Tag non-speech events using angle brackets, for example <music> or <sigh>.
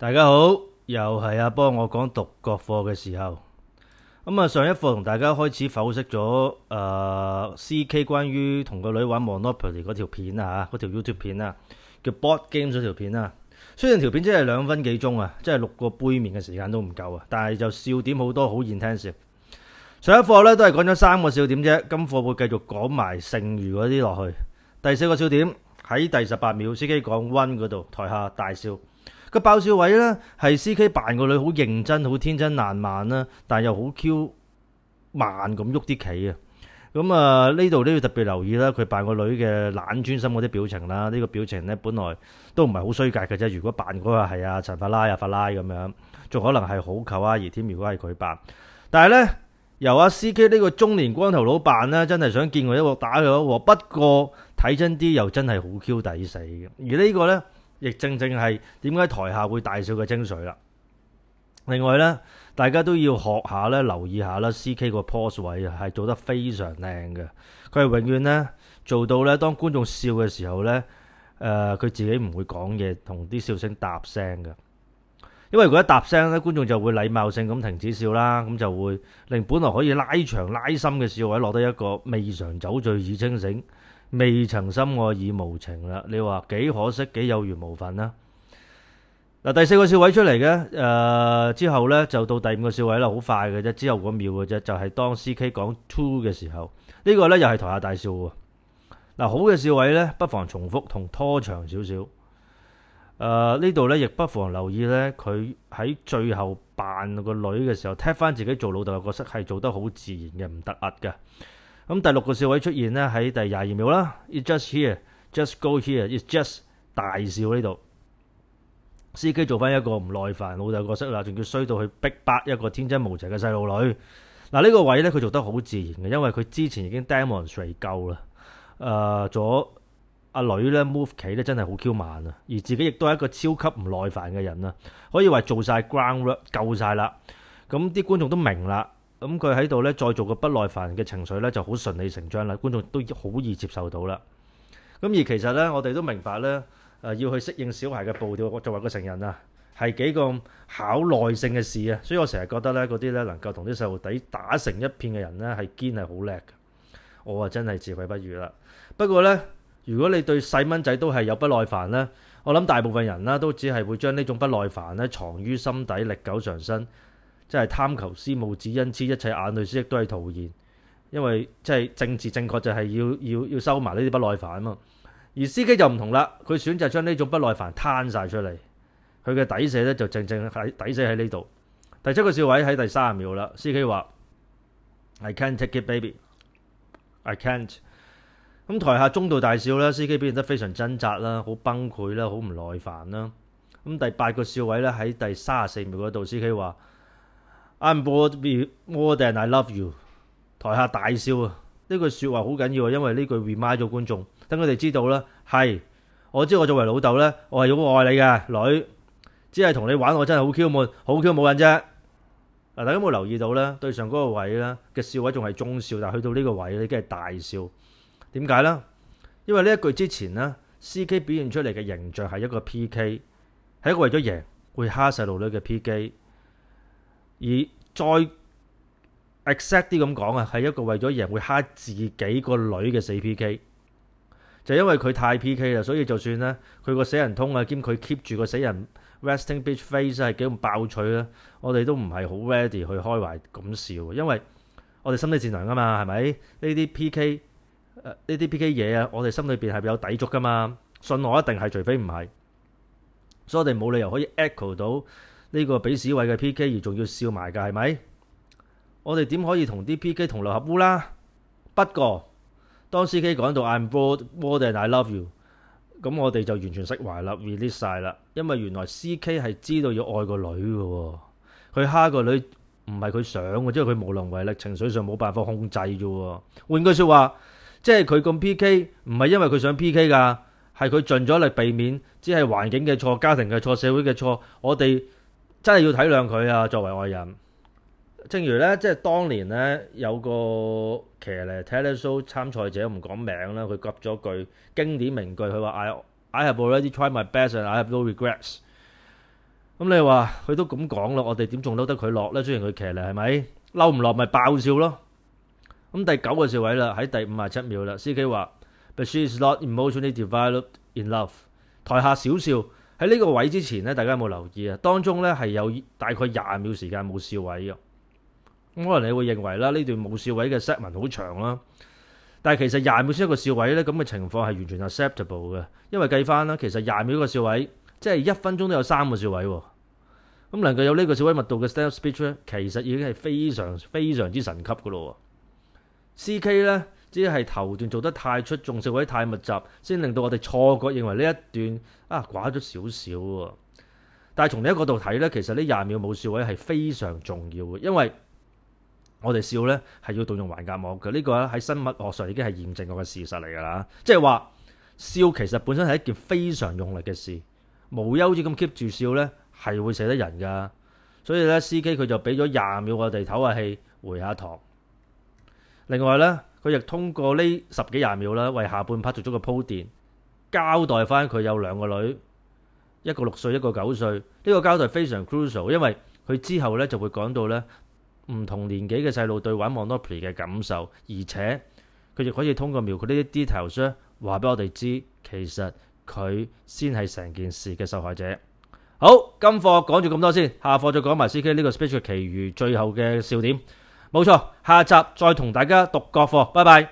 大家好，又係阿波，我講獨角課嘅時候，咁、嗯、啊上一課同大家開始剖析咗誒、呃、C K 關於同個女玩 Monopoly 嗰條片啊吓，嗰條 YouTube 片啊，叫 Board Game 嗰條片啊。雖然條片真係兩分幾鐘啊，即係六個杯麵嘅時間都唔夠啊，但係就笑點好多，好現聽笑。上一課咧都係講咗三個笑點啫，今課會繼續講埋剩餘嗰啲落去。第四個笑點喺第十八秒，C K 講 one 嗰度，台下大笑。個爆笑位咧，係 C K 扮個女好認真、好天真爛漫啦，但又好 Q 慢咁喐啲棋啊！咁啊呢度都要特別留意啦，佢扮個女嘅懶專心嗰啲表情啦。呢個表情咧本來都唔係好衰格嘅啫。如果扮嗰個係阿陳法拉、阿法拉咁樣，仲可能係好舅阿姨添。如果係佢扮，但係咧由阿 C K 呢個中年光頭佬扮咧，真係想見佢一鑊打佢一鑊。不過睇真啲又真係好 Q 抵死嘅。而呢個咧。亦正正係點解台下會大笑嘅精髓啦！另外呢，大家都要學下咧，留意下啦，CK 個 pose 位係做得非常靚嘅。佢係永遠呢做到咧，當觀眾笑嘅時候呢，誒、呃、佢自己唔會講嘢，同啲笑聲搭聲嘅。因為如果一搭聲呢，觀眾就會禮貌性咁停止笑啦，咁就會令本來可以拉長拉深嘅笑位落得一個未嘗酒醉已清醒，未曾心愛已無情啦，你話幾可惜，幾有緣無份啦。嗱，第四個笑位出嚟嘅，誒、呃、之後呢就到第五個笑位啦，好快嘅啫，之後嗰秒嘅啫，就係、是、當 C K 講 two 嘅時候，呢、這個呢又係台下大笑喎。嗱、呃，好嘅笑位呢，不妨重複同拖長少少。誒呢度呢，亦不妨留意呢。佢喺最後扮個女嘅時候，踢翻自己做老豆嘅角色，係做得好自然嘅，唔突兀嘅。咁第六個笑位出現咧，喺第廿二秒啦。It just here, just go here. It just 大笑呢度。司機 <laughs> 做翻一個唔耐煩老豆角色啦，仲要衰到去逼迫一個天真無邪嘅細路女。嗱、這、呢個位咧，佢做得好自然嘅，因為佢之前已經 demonstrate 夠啦。誒、呃，左阿女咧 move 企咧真係好 Q 慢啊，而自己亦都係一個超級唔耐煩嘅人啦。可以話做晒 groundwork 夠晒啦，咁啲觀眾都明啦。咁佢喺度呢，在再做個不耐煩嘅情緒呢，就好順理成章啦。觀眾都好易接受到啦。咁而其實呢，我哋都明白呢，誒要去適應小孩嘅步調，我作為個成人啊，係幾個考耐性嘅事啊。所以我成日覺得呢，嗰啲呢能夠同啲細路仔打成一片嘅人呢，係堅係好叻。我話真係自愧不如啦。不過呢，如果你對細蚊仔都係有不耐煩呢，我諗大部分人呢，都只係會將呢種不耐煩呢藏於心底，歷久常新。即係貪求私慕，只因痴一切眼淚師，絲亦都係徒然。因為即係政治正確就，就係要要要收埋呢啲不耐煩啊嘛。而 CK 就唔同啦，佢選擇將呢種不耐煩攤晒出嚟。佢嘅抵死咧就正正喺抵死喺呢度。第七個笑位喺第三十秒啦，CK 話：I can't take it, baby, I can't。咁台下中度大笑啦，CK 表現得非常掙扎啦，好崩潰啦，好唔耐煩啦。咁第八個笑位咧喺第三十四秒嗰度，CK 話。I'm bored more than I love you。台下大笑啊！呢句說話好緊要，啊，因為呢句 remind 咗觀眾，等佢哋知道啦，係我知我作為老豆咧，我係好愛你嘅女，只係同你玩，我真係好 Q 悶，好 Q 冇癮啫。啊，大家有冇留意到咧？對上嗰個位啦嘅笑位仲係中笑，但係去到呢個位咧，已經係大笑。點解咧？因為呢一句之前咧，C K 表現出嚟嘅形象係一個 P K，係一個為咗贏會蝦細路女嘅 P K。而再 exact 啲咁講啊，係一個為咗贏會蝦自己個女嘅死 PK，就因為佢太 PK 啦，所以就算咧佢個死人通啊兼佢 keep 住個死人 resting bitch face 係幾咁爆趣咧，我哋都唔係好 ready 去開懷咁笑，因為我哋心理善良啊嘛，係咪呢啲 PK 誒呢啲 PK 嘢啊？我哋心裏邊係有抵觸噶嘛，信我一定係，除非唔係，所以我哋冇理由可以 echo 到。呢個比市衞嘅 P.K. 而仲要笑埋㗎係咪？我哋點可以同啲 P.K. 同流合污啦？不過當 C.K. 講到 I'm bored, bored and I love you，咁我哋就完全釋懷啦，release 晒啦。因為原來 C.K. 係知道要愛個女嘅喎，佢蝦個女唔係佢想嘅，即係佢無能為力，情緒上冇辦法控制啫。換句説話，即係佢咁 P.K. 唔係因為佢想 P.K. 㗎，係佢盡咗力避免，只係環境嘅錯、家庭嘅錯、社會嘅錯。我哋，真係要體諒佢啊！作為外人，正如咧，即係當年咧有個騎呢 talent show 參賽者，唔講名啦，佢急咗句經典名句，佢話：I I have already tried my best and I have no regrets。咁、嗯、你話佢都咁講咯，我哋點仲嬲得佢落咧？雖然佢騎呢係咪嬲唔落咪爆笑咯？咁、嗯、第九個笑位啦，喺第五十七秒啦，CK 話：But she is not emotionally developed in love。台下小笑。喺呢個位之前咧，大家有冇留意啊？當中咧係有大概廿秒時間冇笑位嘅。咁可能你會認為啦，呢段冇笑位嘅 set 文好長啦。但係其實廿秒先一個笑位咧，咁嘅情況係完全 acceptable 嘅。因為計翻啦，其實廿秒一個笑位，即係一分鐘都有三個笑位喎。咁能夠有呢個笑位密度嘅 standup speech 咧，其實已經係非常非常之神級嘅咯。C K 咧。只係頭段做得太出眾，笑位太密集，先令到我哋錯覺認為呢一段啊寡咗少少。但係從另一角度睇呢其實呢廿秒冇笑位係非常重要嘅，因為我哋笑呢係要動用橫膈膜嘅。呢、呢個喺生物學上已經係驗證過嘅事實嚟㗎啦。即係話笑其實本身係一件非常用力嘅事，無休止咁 keep 住笑呢係會死得人㗎。所以呢，CK 佢就俾咗廿秒我哋唞下氣，回下堂。另外呢。佢亦通過呢十幾廿秒啦，為下半 part 做咗個鋪墊，交代翻佢有兩個女，一個六歲，一個九歲。呢個交代非常 crucial，因為佢之後咧就會講到咧唔同年紀嘅細路對玩 Monopoly 嘅感受，而且佢亦可以通過描繪呢啲 details 話俾我哋知，其實佢先係成件事嘅受害者。好，今課講住咁多先，下課再講埋 CK 呢個 special 其餘最後嘅笑點。冇錯，下集再同大家讀獨角課，拜拜。